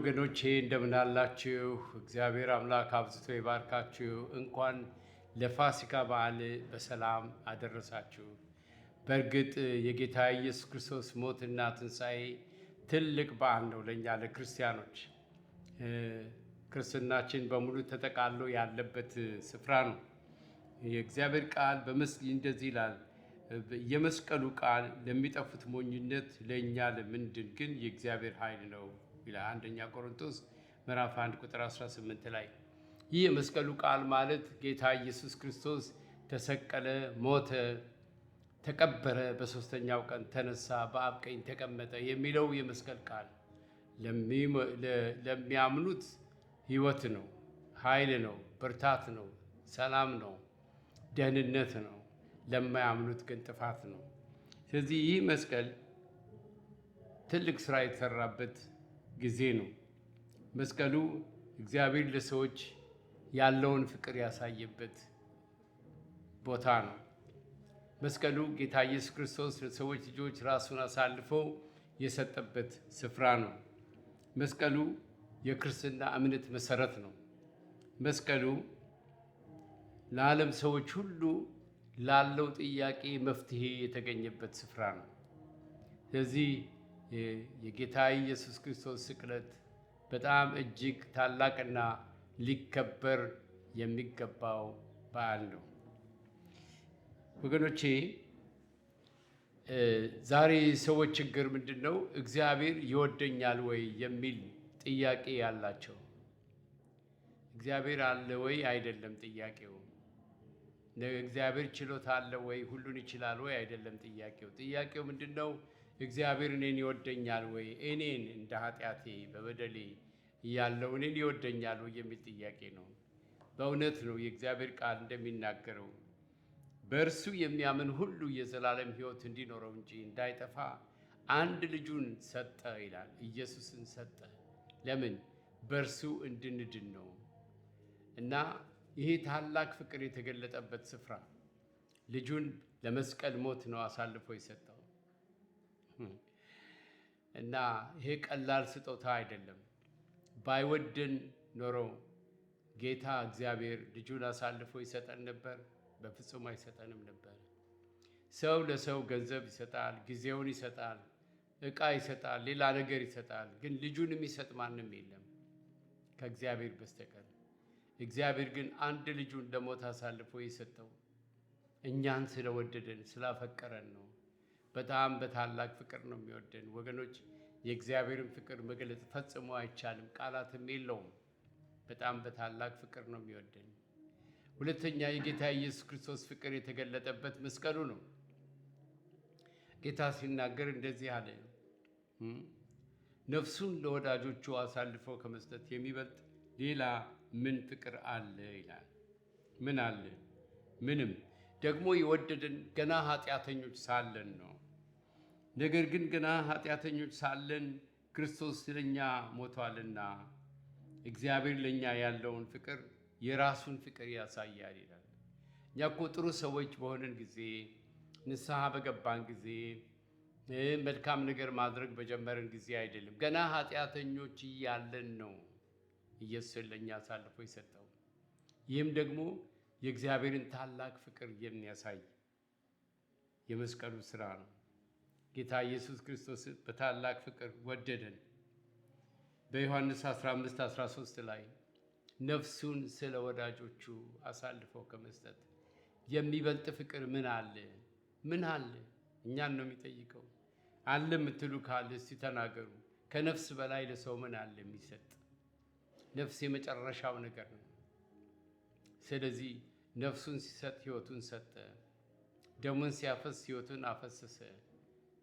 ወገኖቼ እንደምን አላችሁ? እግዚአብሔር አምላክ አብዝቶ ይባርካችሁ። እንኳን ለፋሲካ በዓል በሰላም አደረሳችሁ። በእርግጥ የጌታ ኢየሱስ ክርስቶስ ሞትና ትንሣኤ ትልቅ በዓል ነው ለእኛ ለክርስቲያኖች። ክርስትናችን በሙሉ ተጠቃሎ ያለበት ስፍራ ነው። የእግዚአብሔር ቃል በመስ እንደዚህ ይላል፣ የመስቀሉ ቃል ለሚጠፉት ሞኝነት፣ ለእኛ ለምንድን ግን የእግዚአብሔር ኃይል ነው ይላል አንደኛ ቆሮንቶስ ምዕራፍ 1 ቁጥር 18 ላይ። ይህ የመስቀሉ ቃል ማለት ጌታ ኢየሱስ ክርስቶስ ተሰቀለ፣ ሞተ፣ ተቀበረ፣ በሦስተኛው ቀን ተነሳ፣ በአብ ቀኝ ተቀመጠ የሚለው የመስቀል ቃል ለሚያምኑት ሕይወት ነው፣ ኃይል ነው፣ ብርታት ነው፣ ሰላም ነው፣ ደህንነት ነው። ለማያምኑት ግን ጥፋት ነው። ስለዚህ ይህ መስቀል ትልቅ ስራ የተሰራበት ጊዜ ነው። መስቀሉ እግዚአብሔር ለሰዎች ያለውን ፍቅር ያሳየበት ቦታ ነው። መስቀሉ ጌታ ኢየሱስ ክርስቶስ ለሰዎች ልጆች ራሱን አሳልፎ የሰጠበት ስፍራ ነው። መስቀሉ የክርስትና እምነት መሰረት ነው። መስቀሉ ለዓለም ሰዎች ሁሉ ላለው ጥያቄ መፍትሄ የተገኘበት ስፍራ ነው። ስለዚህ የጌታ ኢየሱስ ክርስቶስ ስቅለት በጣም እጅግ ታላቅና ሊከበር የሚገባው በዓል ነው። ወገኖቼ ዛሬ ሰዎች ችግር ምንድን ነው? እግዚአብሔር ይወደኛል ወይ የሚል ጥያቄ ያላቸው እግዚአብሔር አለ ወይ አይደለም ጥያቄው። እግዚአብሔር ችሎታ አለ ወይ ሁሉን ይችላል ወይ አይደለም ጥያቄው። ጥያቄው ምንድን ነው? እግዚአብሔር እኔን ይወደኛል ወይ እኔን እንደ ኃጢአቴ በበደሌ እያለው እኔን ይወደኛል ወይ የሚል ጥያቄ ነው። በእውነት ነው የእግዚአብሔር ቃል እንደሚናገረው በእርሱ የሚያምን ሁሉ የዘላለም ሕይወት እንዲኖረው እንጂ እንዳይጠፋ አንድ ልጁን ሰጠ ይላል። ኢየሱስን ሰጠ። ለምን? በእርሱ እንድንድን ነው እና ይሄ ታላቅ ፍቅር የተገለጠበት ስፍራ ልጁን ለመስቀል ሞት ነው አሳልፎ የሰጠው። እና ይሄ ቀላል ስጦታ አይደለም። ባይወደን ኖሮ ጌታ እግዚአብሔር ልጁን አሳልፎ ይሰጠን ነበር? በፍጹም አይሰጠንም ነበር። ሰው ለሰው ገንዘብ ይሰጣል፣ ጊዜውን ይሰጣል፣ እቃ ይሰጣል፣ ሌላ ነገር ይሰጣል። ግን ልጁን የሚሰጥ ማንም የለም ከእግዚአብሔር በስተቀር። እግዚአብሔር ግን አንድ ልጁን ለሞት አሳልፎ የሰጠው እኛን ስለወደደን ስላፈቀረን ነው። በጣም በታላቅ ፍቅር ነው የሚወደን ወገኖች። የእግዚአብሔርን ፍቅር መግለጽ ፈጽሞ አይቻልም፣ ቃላትም የለውም። በጣም በታላቅ ፍቅር ነው የሚወደን። ሁለተኛ የጌታ ኢየሱስ ክርስቶስ ፍቅር የተገለጠበት መስቀሉ ነው። ጌታ ሲናገር እንደዚህ አለ፣ ነፍሱን ለወዳጆቹ አሳልፎ ከመስጠት የሚበልጥ ሌላ ምን ፍቅር አለ ይላል። ምን አለ? ምንም። ደግሞ የወደደን ገና ኃጢአተኞች ሳለን ነው። ነገር ግን ገና ኃጢአተኞች ሳለን ክርስቶስ ስለኛ ሞቷልና እግዚአብሔር ለእኛ ያለውን ፍቅር የራሱን ፍቅር ያሳያል ይላል። እኛ እኮ ጥሩ ሰዎች በሆነን ጊዜ ንስሐ በገባን ጊዜ መልካም ነገር ማድረግ በጀመረን ጊዜ አይደለም፣ ገና ኃጢአተኞች እያለን ነው ኢየሱስን ለእኛ አሳልፎ የሰጠው። ይህም ደግሞ የእግዚአብሔርን ታላቅ ፍቅር የሚያሳይ የመስቀሉ ስራ ነው። ጌታ ኢየሱስ ክርስቶስ በታላቅ ፍቅር ወደደን። በዮሐንስ 15 13 ላይ ነፍሱን ስለ ወዳጆቹ አሳልፎ ከመስጠት የሚበልጥ ፍቅር ምን አለ? ምን አለ? እኛን ነው የሚጠይቀው። አለ የምትሉ ካለ እስቲ ተናገሩ። ከነፍስ በላይ ለሰው ምን አለ የሚሰጥ? ነፍስ የመጨረሻው ነገር ነው። ስለዚህ ነፍሱን ሲሰጥ ህይወቱን ሰጠ፣ ደሙን ሲያፈስ ህይወቱን አፈሰሰ።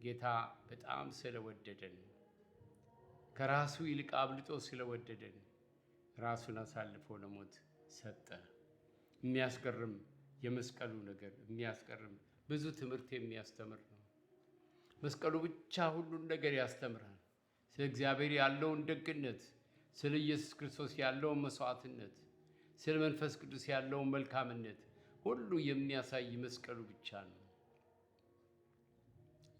ጌታ በጣም ስለወደደን ከራሱ ይልቅ አብልጦ ስለወደደን ራሱን አሳልፎ ለሞት ሰጠ። የሚያስገርም የመስቀሉ ነገር የሚያስገርም ብዙ ትምህርት የሚያስተምር ነው። መስቀሉ ብቻ ሁሉን ነገር ያስተምራል። ስለ እግዚአብሔር ያለውን ደግነት፣ ስለ ኢየሱስ ክርስቶስ ያለውን መስዋዕትነት፣ ስለ መንፈስ ቅዱስ ያለውን መልካምነት ሁሉ የሚያሳይ መስቀሉ ብቻ ነው።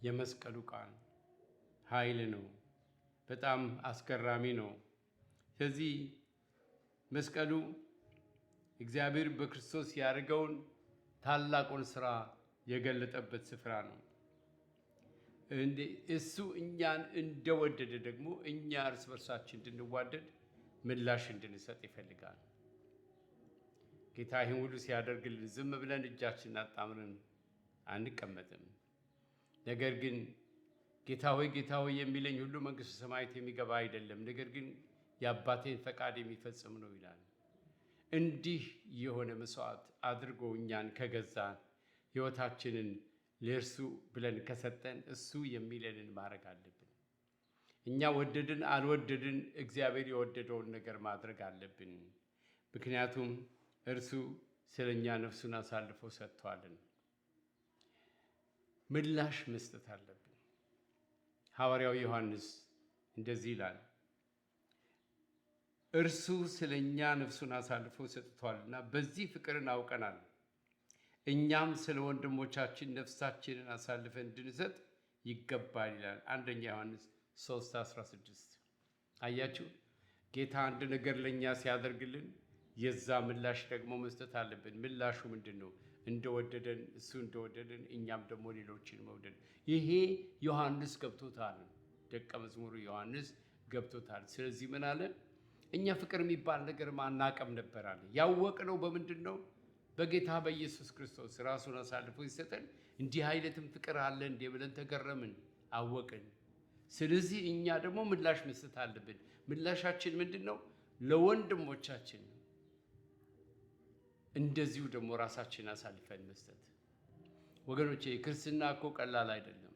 የመስቀሉ ቃል ኃይል ነው። በጣም አስገራሚ ነው። ስለዚህ መስቀሉ እግዚአብሔር በክርስቶስ ያደርገውን ታላቁን ስራ የገለጠበት ስፍራ ነው። እሱ እኛን እንደወደደ ደግሞ እኛ እርስ በርሳችን እንድንዋደድ ምላሽ እንድንሰጥ ይፈልጋል። ጌታ ይህን ሁሉ ሲያደርግልን ዝም ብለን እጃችንን አጣምረን አንቀመጥም። ነገር ግን ጌታ ሆይ ጌታ ሆይ የሚለኝ ሁሉ መንግሥተ ሰማያት የሚገባ አይደለም፣ ነገር ግን የአባቴን ፈቃድ የሚፈጽም ነው ይላል። እንዲህ የሆነ መስዋዕት አድርጎ እኛን ከገዛን ሕይወታችንን ለእርሱ ብለን ከሰጠን እሱ የሚለንን ማድረግ አለብን። እኛ ወደድን አልወደድን እግዚአብሔር የወደደውን ነገር ማድረግ አለብን። ምክንያቱም እርሱ ስለኛ ነፍሱን አሳልፎ ሰጥቷልን። ምላሽ መስጠት አለብን። ሐዋርያው ዮሐንስ እንደዚህ ይላል፣ እርሱ ስለ እኛ ነፍሱን አሳልፎ ሰጥቷልና በዚህ ፍቅርን አውቀናል፣ እኛም ስለ ወንድሞቻችን ነፍሳችንን አሳልፈን እንድንሰጥ ይገባል ይላል። አንደኛ ዮሐንስ 16 አያችሁ፣ ጌታ አንድ ነገር ለእኛ ሲያደርግልን የዛ ምላሽ ደግሞ መስጠት አለብን። ምላሹ ምንድን ነው? እንደወደደን እሱ እንደወደደን እኛም ደግሞ ሌሎችን መውደድ። ይሄ ዮሐንስ ገብቶታል፣ ደቀ መዝሙሩ ዮሐንስ ገብቶታል። ስለዚህ ምን አለ? እኛ ፍቅር የሚባል ነገር ማናቀም ነበር አለ። ያወቅነው በምንድን ነው? በጌታ በኢየሱስ ክርስቶስ ራሱን አሳልፎ ይሰጠን። እንዲህ አይነትም ፍቅር አለ እንዴ ብለን ተገረምን፣ አወቅን። ስለዚህ እኛ ደግሞ ምላሽ መስጠት አለብን። ምላሻችን ምንድን ነው? ለወንድሞቻችን እንደዚሁ ደግሞ ራሳችን አሳልፈን መስጠት። ወገኖቼ ክርስትና እኮ ቀላል አይደለም።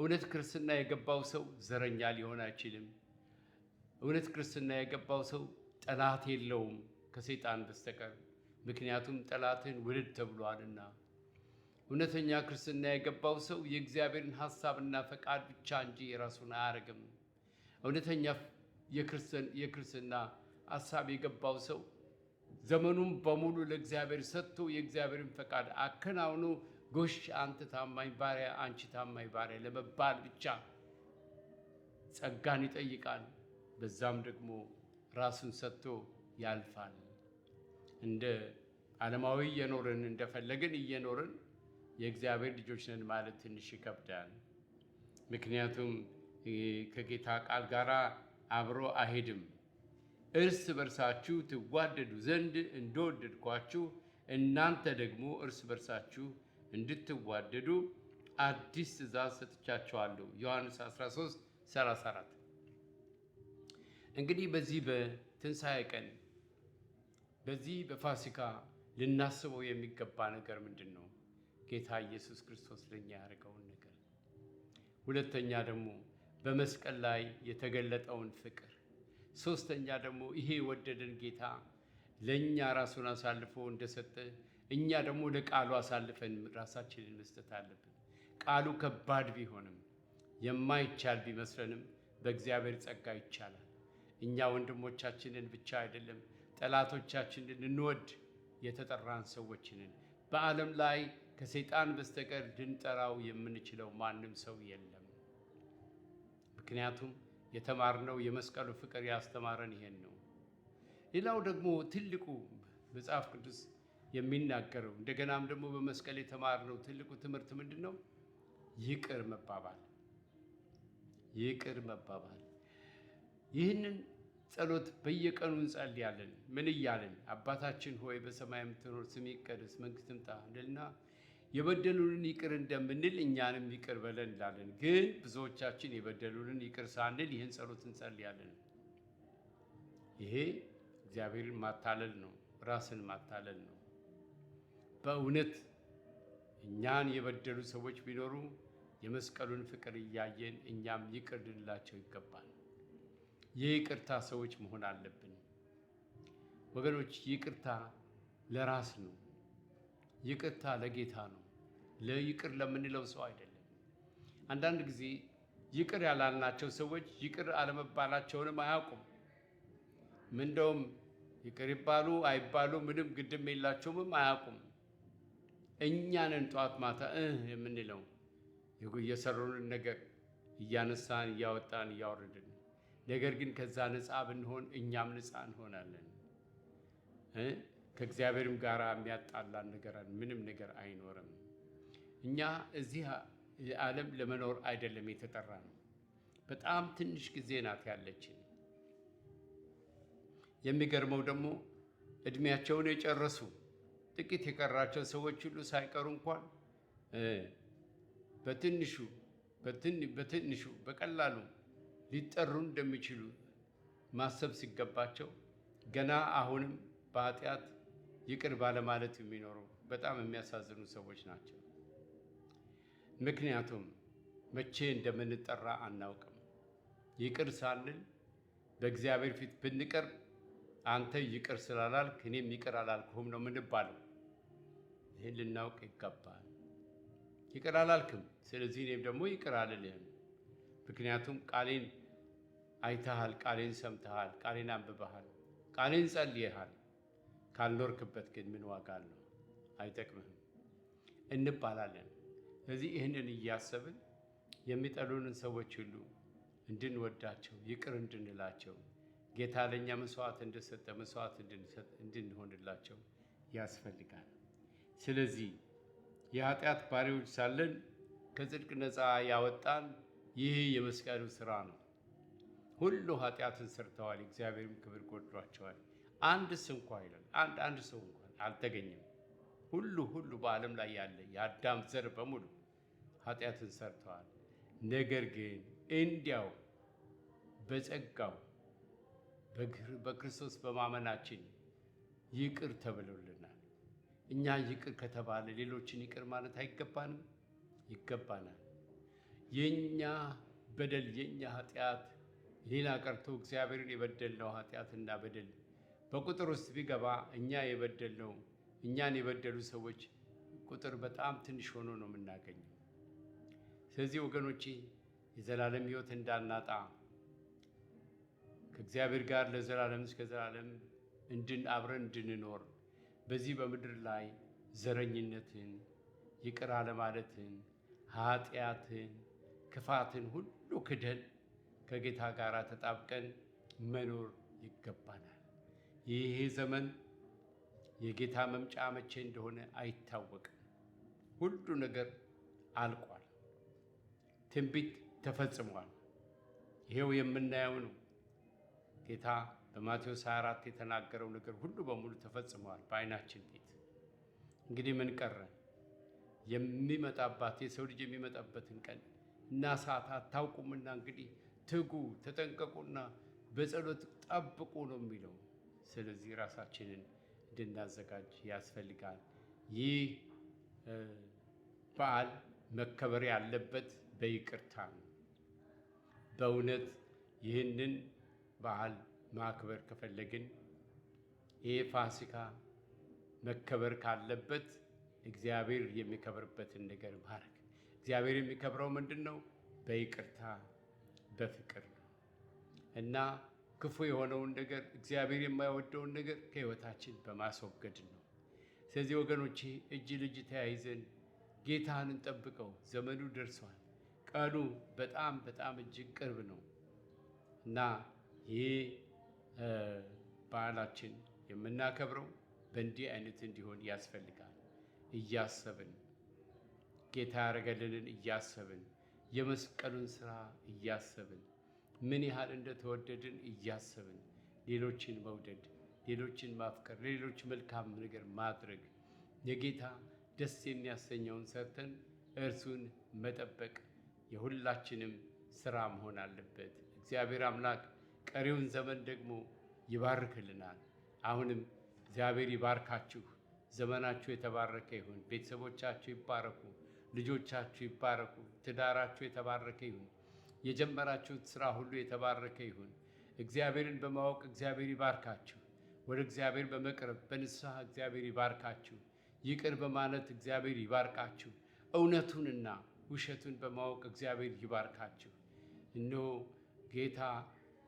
እውነት ክርስትና የገባው ሰው ዘረኛ ሊሆን አይችልም። እውነት ክርስትና የገባው ሰው ጠላት የለውም ከሰይጣን በስተቀር ምክንያቱም ጠላትን ውድድ ተብሏልና። እውነተኛ ክርስትና የገባው ሰው የእግዚአብሔርን ሐሳብና ፈቃድ ብቻ እንጂ የራሱን አያደርግም። እውነተኛ የክርስትና ሐሳብ የገባው ሰው ዘመኑን በሙሉ ለእግዚአብሔር ሰጥቶ የእግዚአብሔርን ፈቃድ አከናውኖ ጎሽ አንተ ታማኝ ባሪያ፣ አንቺ ታማኝ ባሪያ ለመባል ብቻ ጸጋን ይጠይቃል። በዛም ደግሞ ራሱን ሰጥቶ ያልፋል። እንደ ዓለማዊ እየኖርን እንደፈለግን እየኖርን የእግዚአብሔር ልጆች ነን ማለት ትንሽ ይከብዳል። ምክንያቱም ከጌታ ቃል ጋር አብሮ አይሄድም። እርስ በርሳችሁ ትዋደዱ ዘንድ እንደወደድኳችሁ እናንተ ደግሞ እርስ በርሳችሁ እንድትዋደዱ አዲስ ትእዛዝ ሰጥቻቸዋለሁ። ዮሐንስ 13 34 እንግዲህ በዚህ በትንሣኤ ቀን በዚህ በፋሲካ ልናስበው የሚገባ ነገር ምንድን ነው? ጌታ ኢየሱስ ክርስቶስ ለኛ ያደረገውን ነገር፣ ሁለተኛ ደግሞ በመስቀል ላይ የተገለጠውን ፍቅር ሶስተኛ ደግሞ ይሄ የወደደን ጌታ ለእኛ ራሱን አሳልፎ እንደሰጠ እኛ ደግሞ ለቃሉ አሳልፈን ራሳችንን መስጠት አለብን። ቃሉ ከባድ ቢሆንም የማይቻል ቢመስለንም በእግዚአብሔር ጸጋ ይቻላል። እኛ ወንድሞቻችንን ብቻ አይደለም ጠላቶቻችንን እንወድ የተጠራን ሰዎችንን በዓለም ላይ ከሰይጣን በስተቀር ድንጠራው የምንችለው ማንም ሰው የለም። ምክንያቱም የተማርነው የመስቀሉ ፍቅር ያስተማረን ይሄን ነው። ሌላው ደግሞ ትልቁ መጽሐፍ ቅዱስ የሚናገረው እንደገናም ደግሞ በመስቀል የተማርነው ትልቁ ትምህርት ምንድን ነው? ይቅር መባባል ይቅር መባባል። ይህንን ጸሎት በየቀኑ እንጸልያለን። ምን እያለን? አባታችን ሆይ በሰማይ የምትኖር ስምህ ይቀደስ፣ መንግሥትህ ትምጣ የበደሉንን ይቅር እንደምንል እኛንም ይቅር በለን እንላለን። ግን ብዙዎቻችን የበደሉንን ይቅር ሳንል ይህን ጸሎት እንጸልያለን። ይሄ እግዚአብሔርን ማታለል ነው፣ ራስን ማታለል ነው። በእውነት እኛን የበደሉ ሰዎች ቢኖሩ የመስቀሉን ፍቅር እያየን እኛም ይቅር ልንላቸው ይገባል። የይቅርታ ሰዎች መሆን አለብን ወገኖች። ይቅርታ ለራስ ነው። ይቅርታ ለጌታ ነው። ለይቅር ለምንለው ሰው አይደለም። አንዳንድ ጊዜ ይቅር ያላልናቸው ሰዎች ይቅር አለመባላቸውንም አያውቁም። ምንደውም ይቅር ይባሉ አይባሉ ምንም ግድም የላቸውምም አያውቁም። እኛንን ጠዋት ማታ እህ የምንለው የሰሩንን ነገር እያነሳን እያወጣን እያወረድን፣ ነገር ግን ከዛ ነፃ ብንሆን እኛም ነፃ እንሆናለን። ከእግዚአብሔርም ጋር የሚያጣላን ነገር ምንም ነገር አይኖርም። እኛ እዚህ ዓለም ለመኖር አይደለም የተጠራ ነው። በጣም ትንሽ ጊዜ ናት ያለችን። የሚገርመው ደግሞ እድሜያቸውን የጨረሱ ጥቂት የቀራቸው ሰዎች ሁሉ ሳይቀሩ እንኳን በትንሹ በትንሹ በቀላሉ ሊጠሩ እንደሚችሉ ማሰብ ሲገባቸው ገና አሁንም በኃጢአት ይቅር ባለማለት የሚኖሩ በጣም የሚያሳዝኑ ሰዎች ናቸው። ምክንያቱም መቼ እንደምንጠራ አናውቅም። ይቅር ሳንል በእግዚአብሔር ፊት ብንቀርብ አንተ ይቅር ስላላልክ እኔም ይቅር አላልክሁም ነው የምንባለው። ይህን ልናውቅ ይገባል። ይቅር አላልክም፣ ስለዚህ እኔም ደግሞ ይቅር አልልህም። ምክንያቱም ቃሌን አይተሃል፣ ቃሌን ሰምተሃል፣ ቃሌን አንብበሃል፣ ቃሌን ጸልየሃል። ካልኖርክበት ግን ምን ዋጋ አለው? አይጠቅምህም እንባላለን። ስለዚህ ይህንን እያሰብን የሚጠሉንን ሰዎች ሁሉ እንድንወዳቸው ይቅር እንድንላቸው ጌታ ለእኛ መስዋዕት እንደሰጠ መስዋዕት እንድንሆንላቸው ያስፈልጋል። ስለዚህ የኃጢአት ባሪዎች ሳለን ከጽድቅ ነፃ ያወጣን ይህ የመስቀሉ ስራ ነው። ሁሉ ኃጢአትን ሰርተዋል፣ እግዚአብሔርም ክብር ጎድሏቸዋል። አንድ ስ እንኳ ይላል አንድ አንድ ሰው እንኳን አልተገኘም። ሁሉ ሁሉ በዓለም ላይ ያለ የአዳም ዘር በሙሉ ኃጢአትን ሰርተዋል። ነገር ግን እንዲያው በጸጋው በክርስቶስ በማመናችን ይቅር ተብሎልናል። እኛ ይቅር ከተባለ ሌሎችን ይቅር ማለት አይገባንም? ይገባናል። የእኛ በደል የእኛ ኃጢአት ሌላ ቀርቶ እግዚአብሔርን የበደልነው ኃጢአትና በደል በቁጥር ውስጥ ቢገባ እኛ የበደልነው እኛን የበደሉ ሰዎች ቁጥር በጣም ትንሽ ሆኖ ነው የምናገኘው። ስለዚህ ወገኖቼ የዘላለም ሕይወት እንዳናጣ ከእግዚአብሔር ጋር ለዘላለም እስከ ዘላለም እንድን አብረን እንድንኖር በዚህ በምድር ላይ ዘረኝነትን፣ ይቅር አለማለትን፣ ኃጢአትን፣ ክፋትን ሁሉ ክደን ከጌታ ጋር ተጣብቀን መኖር ይገባናል። ይሄ ዘመን የጌታ መምጫ መቼ እንደሆነ አይታወቅም። ሁሉ ነገር አልቋል። ትንቢት ተፈጽሟል። ይሄው የምናየው ነው። ጌታ በማቴዎስ 24 የተናገረው ነገር ሁሉ በሙሉ ተፈጽመዋል በአይናችን ፊት። እንግዲህ ምን ቀረ? የሚመጣባት የሰው ልጅ የሚመጣበትን ቀን እና ሰዓት አታውቁምና እንግዲህ ትጉ፣ ተጠንቀቁና በጸሎት ጠብቁ ነው የሚለው። ስለዚህ ራሳችንን እንድናዘጋጅ ያስፈልጋል። ይህ በዓል መከበር ያለበት በይቅርታ ነው። በእውነት ይህንን በዓል ማክበር ከፈለግን ይህ ፋሲካ መከበር ካለበት እግዚአብሔር የሚከብርበትን ነገር ማድረግ። እግዚአብሔር የሚከብረው ምንድን ነው? በይቅርታ በፍቅር ነው እና ክፉ የሆነውን ነገር እግዚአብሔር የማይወደውን ነገር ከሕይወታችን በማስወገድ ነው። ስለዚህ ወገኖቼ እጅ ልጅ ተያይዘን ጌታን እንጠብቀው። ዘመኑ ደርሷል። ቀኑ በጣም በጣም እጅግ ቅርብ ነው እና ይህ በዓላችን የምናከብረው በእንዲህ አይነት እንዲሆን ያስፈልጋል። እያሰብን ጌታ ያደረገልንን እያሰብን የመስቀሉን ስራ እያሰብን ምን ያህል እንደተወደድን እያሰብን ሌሎችን መውደድ፣ ሌሎችን ማፍቀር፣ ሌሎች መልካም ነገር ማድረግ የጌታ ደስ የሚያሰኘውን ሰርተን እርሱን መጠበቅ የሁላችንም ስራ መሆን አለበት። እግዚአብሔር አምላክ ቀሪውን ዘመን ደግሞ ይባርክልናል። አሁንም እግዚአብሔር ይባርካችሁ። ዘመናችሁ የተባረከ ይሁን። ቤተሰቦቻችሁ ይባረኩ። ልጆቻችሁ ይባረኩ። ትዳራችሁ የተባረከ ይሁን። የጀመራችሁት ሥራ ሁሉ የተባረከ ይሁን። እግዚአብሔርን በማወቅ እግዚአብሔር ይባርካችሁ። ወደ እግዚአብሔር በመቅረብ በንስሐ እግዚአብሔር ይባርካችሁ። ይቅር በማለት እግዚአብሔር ይባርካችሁ። እውነቱንና ውሸቱን በማወቅ እግዚአብሔር ይባርካችሁ። እነሆ ጌታ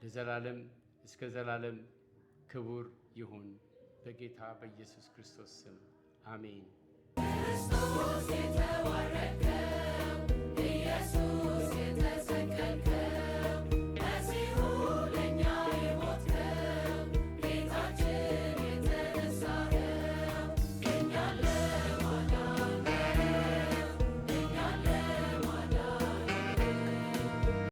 ለዘላለም እስከ ዘላለም ክቡር ይሁን። በጌታ በኢየሱስ ክርስቶስ ስም አሜን። ክርስቶስ የተባረከው ኢየሱስ